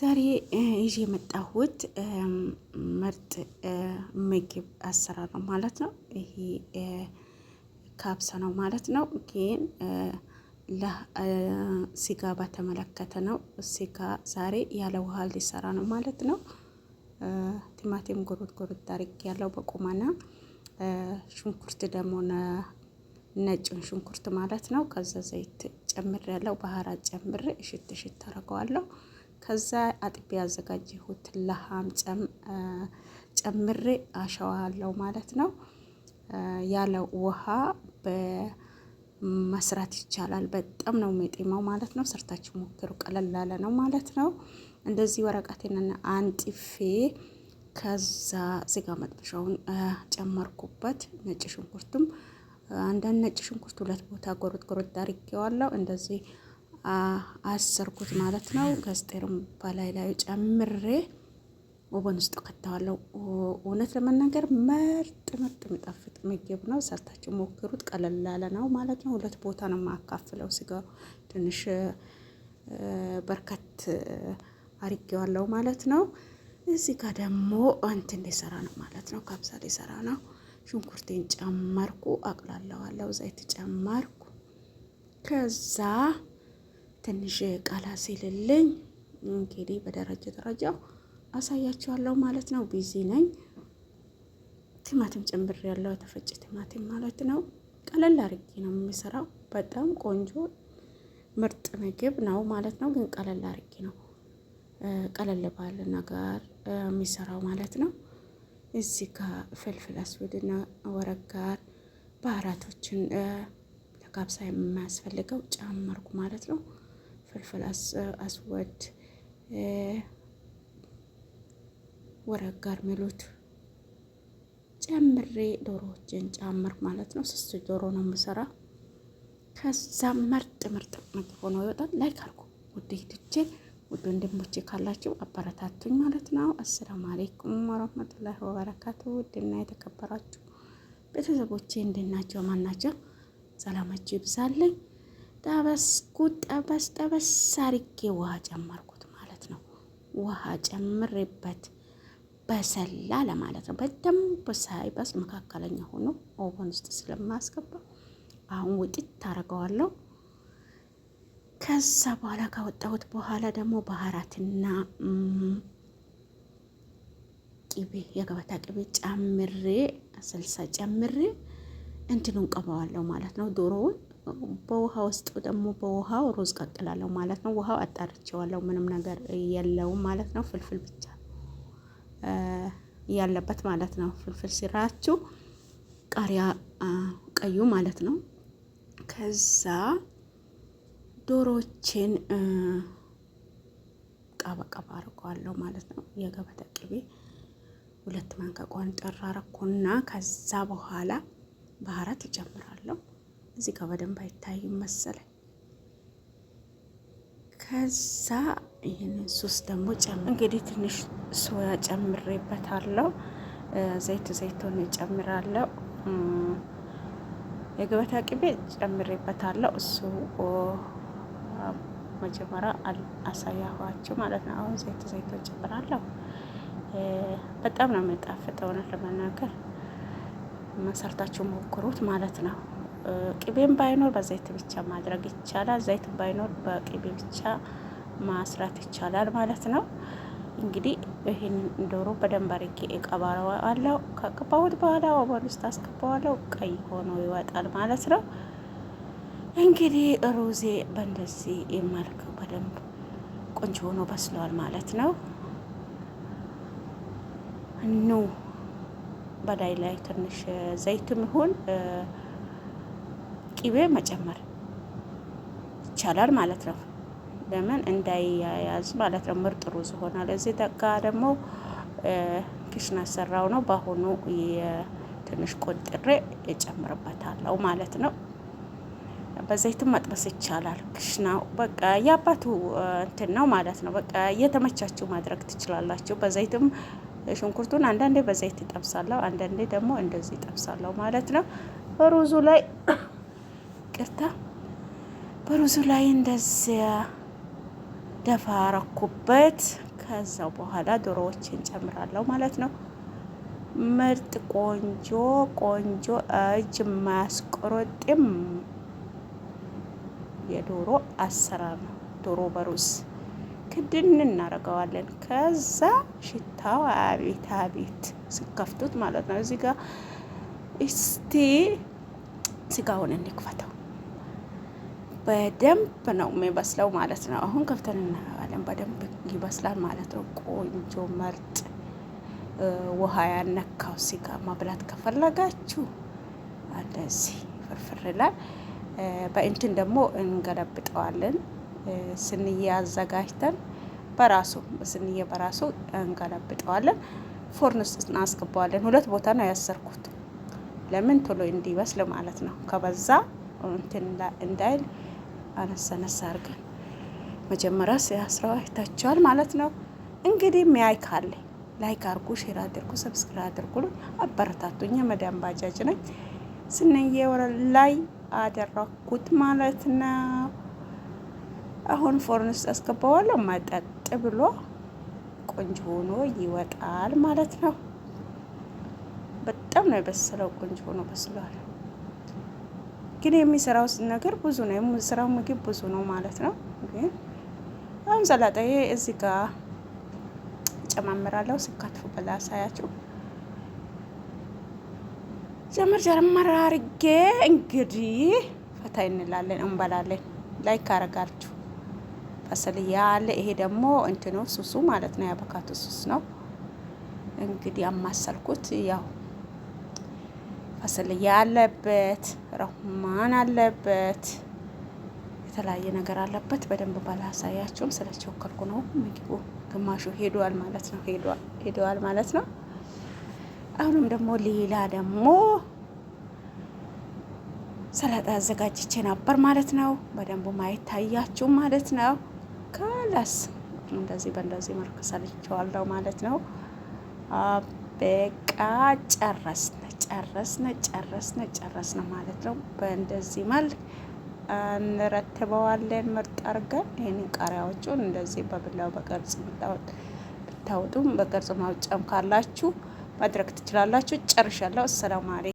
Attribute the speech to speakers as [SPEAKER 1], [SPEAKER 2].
[SPEAKER 1] ዛሬ ይዤ የመጣሁት ምርጥ ምግብ አሰራር ነው ማለት ነው። ይሄ ካብሰ ነው ማለት ነው። ግን ስጋ በተመለከተ ነው። ስጋ ዛሬ ያለ ውሃ ሊሰራ ነው ማለት ነው። ቲማቲም ጎረድ ጎረድ ታሪክ ያለው በቁመና ሽንኩርት ደግሞ ነጭን ሽንኩርት ማለት ነው። ከዛ ዘይት ጨምር ያለው ባህራት ጨምር እሽት እሽት አደርገዋለሁ። ከዛ አጥቤ ያዘጋጀሁት ለሃም ጨምሬ አሸዋለሁ ማለት ነው። ያለ ውሃ በመስራት ይቻላል። በጣም ነው የሚጥመው ማለት ነው። ሰርታችሁ ሞክሩ። ቀለል ያለ ነው ማለት ነው። እንደዚህ ወረቀቴን አንጥፌ ከዛ ስጋ መጥበሻውን ጨመርኩበት። ነጭ ሽንኩርቱም አንዳንድ ነጭ ሽንኩርት ሁለት ቦታ ጎረድ ጎረድ አድርጌዋለሁ እንደዚህ አሰርኩት ማለት ነው። ከስቴርም በላይ ላይ ጨምሬ ኦቨን ውስጥ ከተዋለው። እውነት ለመናገር ምርጥ ምርጥ የሚጣፍጥ ምግብ ነው። ሰርታችሁ ሞክሩት። ቀለል ያለ ነው ማለት ነው። ሁለት ቦታ ነው የማካፍለው። ስጋ ትንሽ በርከት አርጌዋለሁ ማለት ነው። እዚህ ጋር ደግሞ አንት እንዲሰራ ነው ማለት ነው። ካብሳ ሊሰራ ነው። ሽንኩርቴን ጨመርኩ፣ አቅላለዋለው። ዘይት ጨመርኩ ከዛ ትንሽ ቃላ ሲልልኝ እንግዲህ በደረጃ ደረጃው አሳያችኋለሁ ማለት ነው። ቢዚ ነኝ። ቲማቲም ጭምብር ያለው የተፈጨ ቲማቲም ማለት ነው። ቀለል አርጌ ነው የሚሰራው። በጣም ቆንጆ ምርጥ ምግብ ነው ማለት ነው። ግን ቀለል አድርጌ ነው ቀለል ባለ ነገር የሚሰራው ማለት ነው። እዚህ ጋር ፍልፍል አስወድና ወረግ ጋር ባህራቶችን ለካብሳ የሚያስፈልገው ጨመርኩ ማለት ነው። ፍልፍል አስወድ ወረቅ ጋር ሚሉት ጨምሬ ዶሮዎችን ጨምር ማለት ነው። ስስ ዶሮ ነው የምሰራ። ከዛ ምርጥ ምርጥ ምግብ ሆኖ ይወጣል። ላይክ አድርጉ ውድ ሂድቼ ውድ ወንድሞቼ ካላችሁ አበረታቱኝ ማለት ነው። አሰላሙ አሌይኩም ወረህመቱላሂ ወበረካቱ። ውድና የተከበራችሁ ቤተሰቦቼ እንድናቸው ማናቸው ሰላማችሁ ይብዛለኝ። ጠበስ ጉድ ጠበስ ጠበስ አርጌ ውሃ ጨመርኩት ማለት ነው። ውሃ ጨምሬበት በሰላ ለማለት ነው። በደንብ ሳይበስ መካከለኛ ሆኖ ኦቨን ውስጥ ስለማስገባ አሁን ውጥት ታደርገዋለሁ። ከዛ በኋላ ካወጣሁት በኋላ ደግሞ ባህራትና ቅቤ የገበታ ቅቤ ጨምሬ ስልሳ ጨምሬ እንትኑን ቀባዋለሁ ማለት ነው ዶሮውን በውሃ ውስጥ ደግሞ በውሃው ሩዝ ቀቅላለሁ ማለት ነው። ውሃው አጣርቼዋለሁ ምንም ነገር የለውም ማለት ነው። ፍልፍል ብቻ ያለበት ማለት ነው። ፍልፍል ሲራችሁ ቃሪያ ቀዩ ማለት ነው። ከዛ ዶሮችን ቀባቀባ አድርገዋለሁ ማለት ነው። የገበታ ቅቤ ሁለት ማንካ ቋንጨር አረኩና ከዛ በኋላ ባህራት እጨምራለሁ። እዚህ ጋር በደንብ አይታይም መሰለኝ። ከዛ ይህንን ሶስት ደግሞ ጨምር እንግዲህ ትንሽ ሶያ ጨምሬበታለሁ። ዘይት ዘይቶን ጨምራለሁ። የገበታ ቅቤ ጨምሬበታለሁ። እሱ መጀመሪያ አሳያኋቸው ማለት ነው። አሁን ዘይት ዘይቶ ጨምራለሁ። በጣም ነው የሚጣፍጠው። እውነት ለመናገር መሰርታችሁ ሞክሩት ማለት ነው። ቅቤም ባይኖር በዘይት ብቻ ማድረግ ይቻላል። ዘይት ባይኖር በቅቤ ብቻ ማስራት ይቻላል ማለት ነው። እንግዲህ ይህን ዶሮ በደንብ አድርጌ አለው ከቀባሁት በኋላ ኦቨን ውስጥ አስገባዋለሁ። ቀይ ሆኖ ይወጣል ማለት ነው። እንግዲህ ሩዜ በእንደዚህ መልክ በደንብ ቆንጆ ሆኖ በስለዋል ማለት ነው። ኑ በላይ ላይ ትንሽ ዘይትም ይሁን ቂቤ መጨመር ይቻላል ማለት ነው። ለምን እንዳያያዝ ማለት ነው። ምርጥ ሩዝ ይሆናል። እዚህ ደጋ ደግሞ ክሽና ሰራው ነው። በአሁኑ ትንሽ ቆጥሬ እጨምርበታለሁ ማለት ነው። በዘይትም መጥበስ ይቻላል። ክሽናው በቃ የአባቱ እንትን ነው ማለት ነው። በቃ እየተመቻችሁ ማድረግ ትችላላችሁ። በዘይትም ሽንኩርቱን አንዳንዴ በዘይት ይጠብሳለሁ፣ አንዳንዴ ደግሞ እንደዚህ ይጠብሳለሁ ማለት ነው ሩዙ ላይ ይቅርታ በሩዙ ላይ እንደዚያ ደፋ አረኩበት። ከዛው በኋላ ዶሮዎችን ጨምራለሁ ማለት ነው። ምርጥ ቆንጆ ቆንጆ እጅ ማያስቆረጥም የዶሮ አሰራር ነው። ዶሮ በሩዝ ክድን እናደርገዋለን። ከዛ ሽታው አቤት አቤት ስከፍቱት ማለት ነው። እዚህ ጋር እስቲ ስጋውን እንክፈተው። በደንብ ነው የሚበስለው ማለት ነው። አሁን ከፍተን እናየዋለን። በደንብ ይበስላል ማለት ነው። ቆንጆ መርጥ ውሃ ያነካው ስጋ ማብላት ከፈለጋችሁ እንደዚህ ፍርፍር ላይ በእንትን ደግሞ እንገለብጠዋለን። ስንዬ አዘጋጅተን በራሱ ስንዬ በራሱ እንገለብጠዋለን። ፎርን ውስጥ እናስገባዋለን። ሁለት ቦታ ነው ያሰርኩት። ለምን ቶሎ እንዲበስል ማለት ነው። ከበዛ እንትን እንዳይል አነሳ ነሳ አድርገን መጀመሪያ ሲያስረው አይታችኋል ማለት ነው። እንግዲህ ሚያይ ካለ ላይክ አርጉ፣ ሼር አድርጉ፣ ሰብስክራይብ አድርጉ። አበረታቱኝ። መዳም ባጃጅ ነኝ ስነየ ወረ ላይ አደረኩት ማለት ነው። አሁን ፎርን ውስጥ አስገባዋለሁ። መጠጥ ብሎ ቆንጆ ሆኖ ይወጣል ማለት ነው። በጣም ነው የበሰለው። ቆንጆ ሆኖ በስሏል። ግን የሚሰራው ነገር ብዙ ነው። የሚሰራው ምግብ ብዙ ነው ማለት ነው። ግን አሁን ሰላጣዬ እዚህ ጋር ጨማምራለሁ። ስካትፉ በላ ሳያችሁ ጀምር ጀምር አርጌ እንግዲህ ፈታ እንላለን፣ እንበላለን። ላይክ አረጋችሁ በሰል ያለ ይሄ ደግሞ እንትኑ ሱሱ ማለት ነው። የአቮካቶ ሱስ ነው እንግዲህ አማሰልኩት ያው ፋሲልያ አለበት፣ ረህማን አለበት፣ የተለያየ ነገር አለበት። በደንብ ባላሳያችሁም ስለቸኮልኩ ነው። ምግቡ ግማሹ ሄዷል ማለት ነው። ሄዷል ማለት ነው። አሁንም ደግሞ ሌላ ደግሞ ሰላጣ አዘጋጅቼ ነበር ማለት ነው። በደንቡ ማይታያችሁ ማለት ነው። ከላስ እንደዚህ በእንደዚህ መልክ ሰርቼዋለሁ ማለት ነው። በቃ ጨረስን። ጨረስነ ጨረስነ ጨረስነ ማለት ነው። በእንደዚህ መልክ እንረትበዋለን ምርጥ አድርገን። ይህንን ቃሪያዎቹን እንደዚህ በብላው በቅርጽ ብታወጡም በቅርጽ ማውጫም ካላችሁ ማድረግ ትችላላችሁ። ጨርሻለሁ። አሰላሙ አለይኩም